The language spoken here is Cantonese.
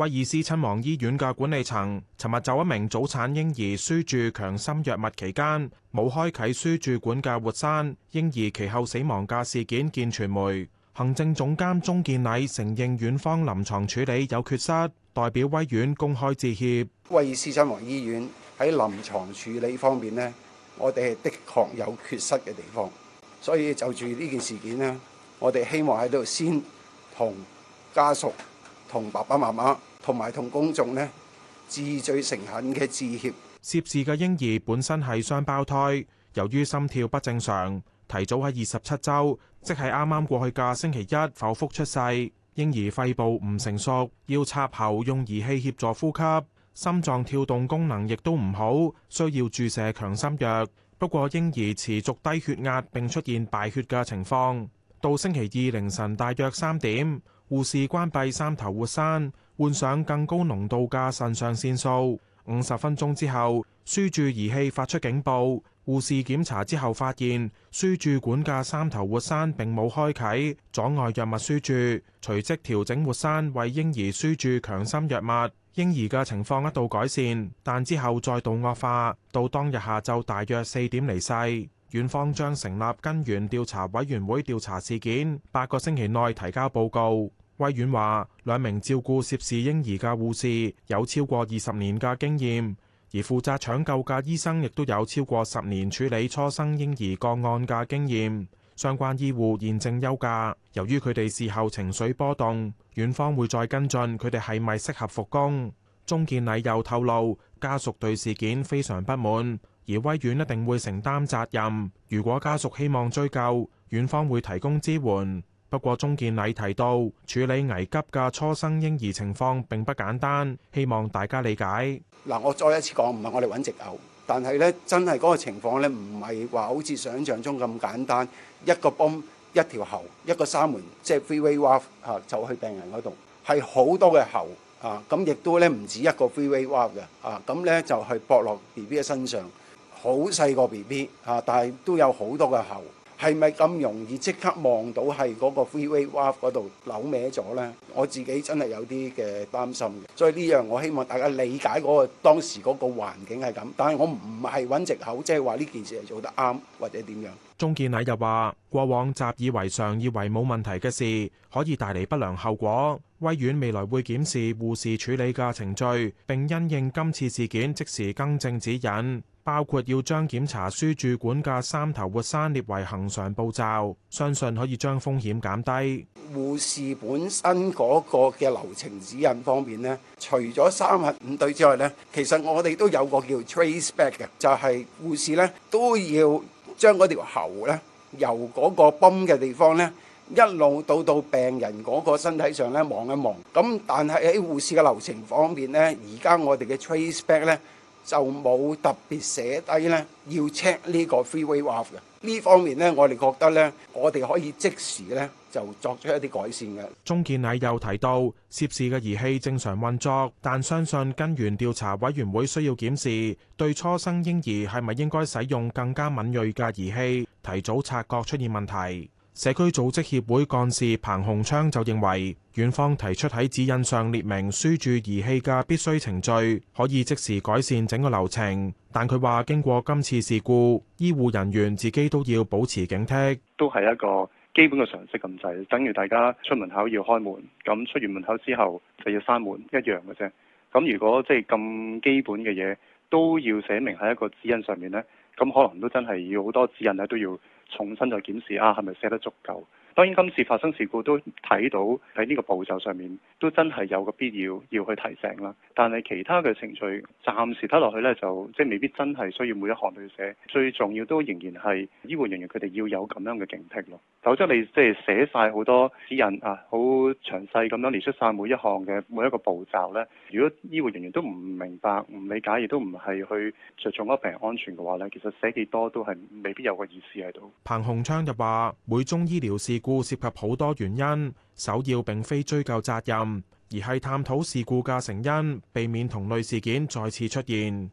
威爾斯親王醫院嘅管理層尋日就一名早產嬰兒輸注強心藥物期間冇開啟輸注管嘅活栓，嬰兒其後死亡嘅事件見傳媒。行政總監鍾建禮承認院方臨床處理有缺失，代表威院公開致歉。威爾斯親王醫院喺臨床處理方面呢，我哋係的確有缺失嘅地方，所以就住呢件事件咧，我哋希望喺度先同家屬同爸爸媽媽，同埋，同公眾呢致最誠懇嘅致歉。涉事嘅嬰兒本身係雙胞胎，由於心跳不正常，提早喺二十七周，即係啱啱過去嘅星期一，剖腹出世。嬰兒肺部唔成熟，要插喉用儀器協助呼吸，心臟跳動功能亦都唔好，需要注射強心藥。不過，嬰兒持續低血壓，並出現敗血嘅情況。到星期二凌晨大約三點，護士關閉三頭活栓。換上更高濃度嘅腎上腺素。五十分鐘之後，輸注儀器發出警報。護士檢查之後發現，輸注管嘅三頭活栓並冇開啟，阻礙藥物輸注。隨即調整活栓為嬰兒輸注強心藥物。嬰兒嘅情況一度改善，但之後再度惡化，到當日下晝大約四點離世。院方將成立根源調查委員會調查事件，八個星期內提交報告。威院話兩名照顧涉事嬰兒嘅護士有超過二十年嘅經驗，而負責搶救嘅醫生亦都有超過十年處理初生嬰兒個案嘅經驗，相關醫護現正休假，由於佢哋事後情緒波動，院方會再跟進佢哋係咪適合復工。鍾健禮又透露，家屬對事件非常不滿，而威院一定會承擔責任。如果家屬希望追究，院方會提供支援。不過鍾健禮提到，處理危急嘅初生嬰兒情況並不簡單，希望大家理解。嗱，我再一次講，唔係我哋揾隻喉，但係咧真係嗰個情況咧，唔係話好似想象中咁簡單，一個泵一條喉一個三門即係 three-way valve 啊，就去病人嗰度係好多嘅喉啊，咁亦都咧唔止一個 three-way valve 嘅啊，咁咧就係駁落 B B 嘅身上，好細個 B B 啊，但係都有好多嘅喉。係咪咁容易即刻望到係嗰個 freeway valve 嗰度扭歪咗呢？我自己真係有啲嘅擔心，所以呢樣我希望大家理解嗰、嗰個當時嗰個環境係咁，但係我唔係揾藉口，即係話呢件事係做得啱或者點樣。鍾健禮又話，過往習以為常、以為冇問題嘅事，可以帶嚟不良後果。威院未來會檢視護士處理嘅程序，並因應今次事件即時更正指引，包括要將檢查輸注管嘅三頭活塞列為恆常步驟，相信可以將風險減低。護士本身嗰個嘅流程指引方面呢，除咗三核五對之外呢，其實我哋都有個叫 trace back 嘅，就係、是、護士呢都要。將嗰條喉咧，由嗰個泵嘅地方咧，一路到到病人嗰個身體上咧望一望。咁但係喺護士嘅流程方面咧，而家我哋嘅 trace back 咧就冇特別寫低咧要 check 呢個 freeway off 嘅。呢方面咧，我哋覺得咧，我哋可以即時咧。就作出一啲改善嘅。鐘健禮又提到，涉事嘅儀器正常運作，但相信根源調查委員會需要檢視，對初生嬰兒係咪應該使用更加敏銳嘅儀器，提早察覺出現問題。社區組織協會幹事彭鴻昌就認為，院方提出喺指引上列明輸注儀器嘅必須程序，可以即時改善整個流程。但佢話經過今次事故，醫護人員自己都要保持警惕，都係一個基本嘅常識咁滯，等於大家出門口要開門，咁出完門口之後就要閂門一樣嘅啫。咁如果即係咁基本嘅嘢都要寫明喺一個指引上面呢，咁可能都真係要好多指引咧都要重新再檢視啊，係咪寫得足夠？當然今次發生事故都睇到喺呢個步驟上面都真係有個必要要去提醒啦。但係其他嘅程序暫時睇落去呢，就即係未必真係需要每一項都要寫。最重要都仍然係醫護人員佢哋要有咁樣嘅警惕咯。否則你即係寫晒好多指引啊，好詳細咁樣列出晒每一項嘅每一個步驟呢。如果醫護人員都唔明白、唔理解，亦都唔係去着重嗰個病人安全嘅話呢，其實寫幾多都係未必有個意思喺度。彭洪昌就話：每宗醫療事。事故涉及好多原因，首要並非追究責任，而係探討事故嘅成因，避免同類事件再次出現。